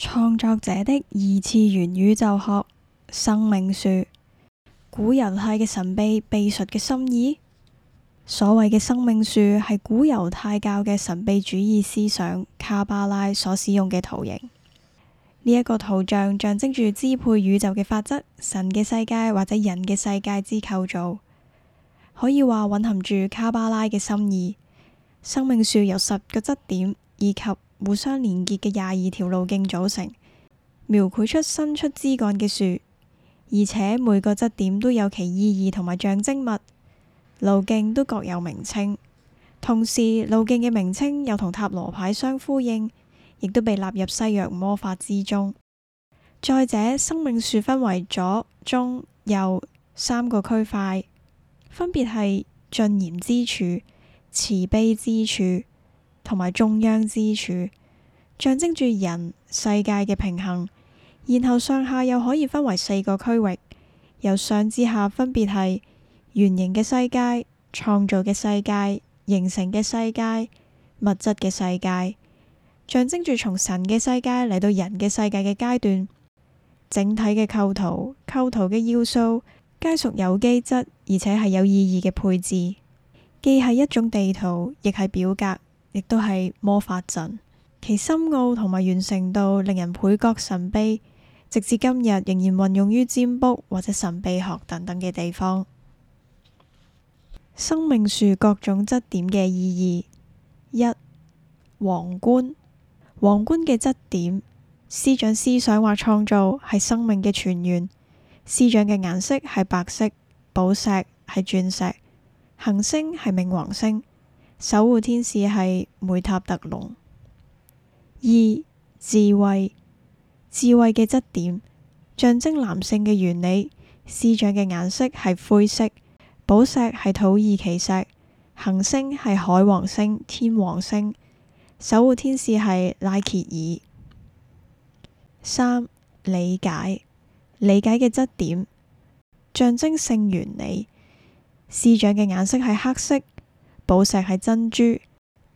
創作者的異次元宇宙學生命樹，古猶太嘅神秘秘術嘅心意。所謂嘅生命樹係古猶太教嘅神秘主義思想卡巴拉所使用嘅圖形。呢、這、一個圖像象徵住支配宇宙嘅法則、神嘅世界或者人嘅世界之構造，可以話蘊含住卡巴拉嘅心意。生命樹有十個質點以及。互相連結嘅廿二條路徑組成，描繪出伸出枝幹嘅樹，而且每個質點都有其意義同埋象徵物，路徑都各有名稱。同時，路徑嘅名稱又同塔羅牌相呼應，亦都被納入西洋魔法之中。再者，生命樹分為左、中、右三個區塊，分別係盡嚴之處、慈悲之處。同埋中央之柱，象徵住人世界嘅平衡。然後上下又可以分為四個區域，由上至下分別係圓形嘅世界、創造嘅世界、形成嘅世界、物質嘅世界，象徵住從神嘅世界嚟到人嘅世界嘅階段。整體嘅構圖，構圖嘅要素皆屬有機質，而且係有意義嘅配置，既係一種地圖，亦係表格。亦都係魔法陣，其深奧同埋完成度令人倍覺神秘，直至今日仍然運用於占卜或者神秘學等等嘅地方。生命樹各種質點嘅意義：一、皇冠。皇冠嘅質點，師長思想或創造係生命嘅泉源。師長嘅顏色係白色，寶石係鑽石，行星係冥王星。守護天使係梅塔特隆。二、智慧，智慧嘅質點象徵男性嘅原理。視像嘅顏色係灰色，寶石係土耳其石，行星係海王星、天王星。守護天使係拉傑爾。三、理解，理解嘅質點象徵性原理。視像嘅顏色係黑色。寶石係珍珠，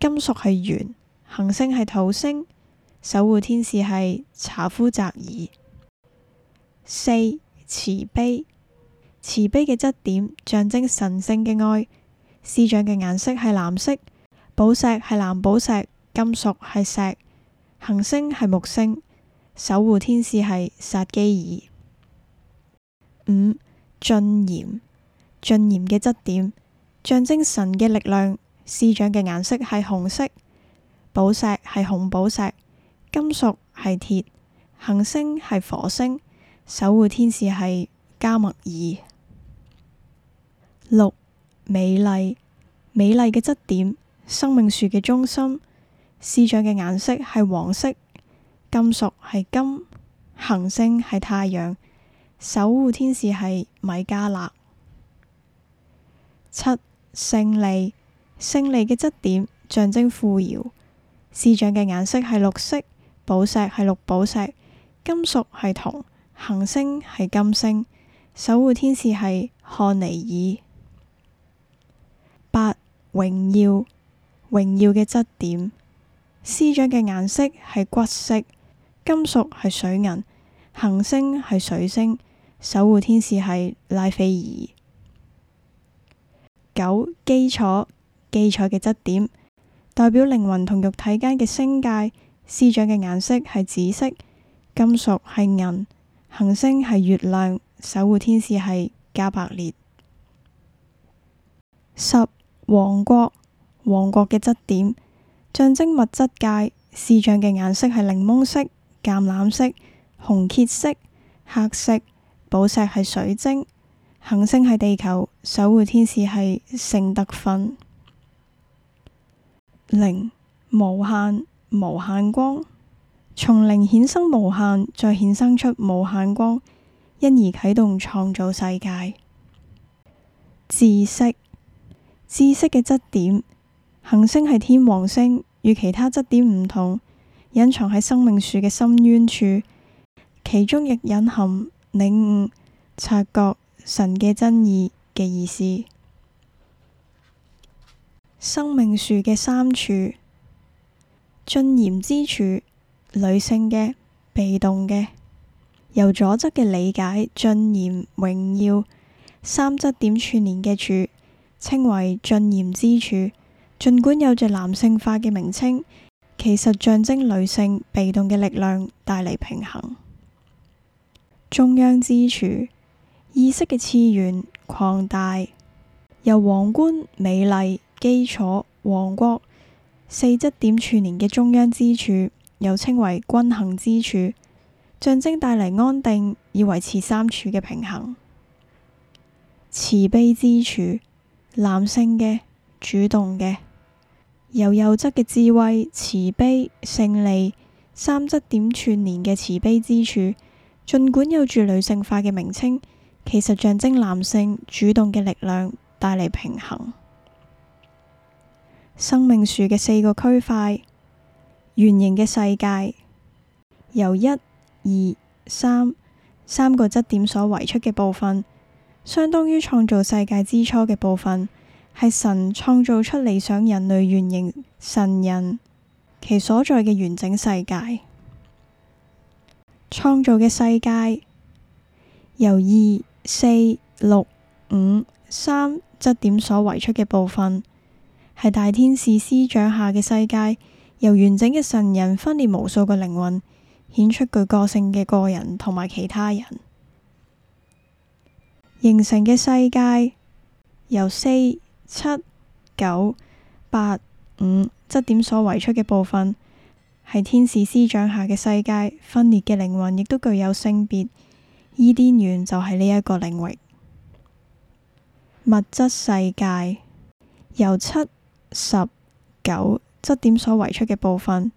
金屬係鉛，行星係土星，守護天使係查夫澤爾。四慈悲，慈悲嘅質點象徵神聖嘅愛，師長嘅顏色係藍色，寶石係藍寶石，金屬係石，行星係木星，守護天使係薩基爾。五峻嚴，峻嚴嘅質點。象徵神嘅力量，師長嘅顏色係紅色，寶石係紅寶石，金屬係鐵，行星係火星，守護天使係加麥爾。六，美麗，美麗嘅質點，生命樹嘅中心，師長嘅顏色係黃色，金屬係金，行星係太陽，守護天使係米迦勒。七。勝利，勝利嘅質點象徵富饒。師長嘅顏色係綠色，寶石係綠寶石，金屬係銅，行星係金星，守護天使係漢尼爾。八、榮耀，榮耀嘅質點，師長嘅顏色係骨色，金屬係水銀，行星係水星，守護天使係拉斐爾。九基礎，基礎嘅質點，代表靈魂同肉體間嘅星界，師長嘅顏色係紫色，金屬係銀，行星係月亮，守護天使係加百列。十王國，王國嘅質點，象徵物質界，師長嘅顏色係檸檬色、橄欖色、紅褐色、黑色，寶石係水晶。行星係地球，守護天使係聖德芬。零無限無限光，從零衍生無限，再衍生出無限光，因而啟動創造世界。知識，知識嘅質點，行星係天王星，與其他質點唔同，隱藏喺生命樹嘅深淵處，其中亦隱含領悟、5，察覺。神嘅真意嘅意思，生命樹嘅三柱，峻嚴之柱，女性嘅被動嘅，由左側嘅理解、峻嚴、榮耀，三質點串聯嘅柱稱為峻嚴之柱，盡管有着男性化嘅名稱，其實象徵女性被動嘅力量帶嚟平衡。中央之柱。意識嘅次元擴大，由皇冠美麗基礎王國四質點串聯嘅中央之柱，又稱為均衡之柱，象徵帶嚟安定，以維持三柱嘅平衡。慈悲之柱，男性嘅主動嘅，由右側嘅智慧慈悲勝利三質點串聯嘅慈悲之柱，儘管有住女性化嘅名稱。其實象徵男性主動嘅力量帶嚟平衡。生命樹嘅四個區塊，圓形嘅世界，由一、二、三三個質點所圍出嘅部分，相當於創造世界之初嘅部分，係神創造出理想人類圓形神人，其所在嘅完整世界。創造嘅世界，由二。四六五三質點所圍出嘅部分，係大天使師長下嘅世界，由完整嘅神人分裂無數嘅靈魂，顯出具個性嘅個人同埋其他人，形成嘅世界。由四七九八五質點所圍出嘅部分，係天使師長下嘅世界，分裂嘅靈魂亦都具有性別。伊甸園就係呢一個領域，物質世界由七十九質點所圍出嘅部分。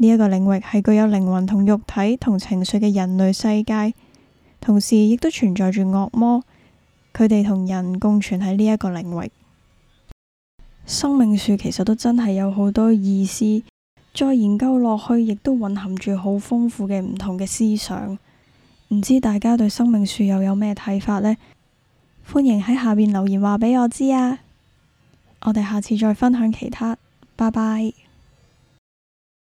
呢一個領域係具有靈魂同肉體同情緒嘅人類世界，同時亦都存在住惡魔。佢哋同人共存喺呢一個領域。生命樹其實都真係有好多意思，再研究落去，亦都蘊含住好豐富嘅唔同嘅思想。唔知大家對生命樹又有咩睇法呢？歡迎喺下面留言話畀我知啊！我哋下次再分享其他，拜拜。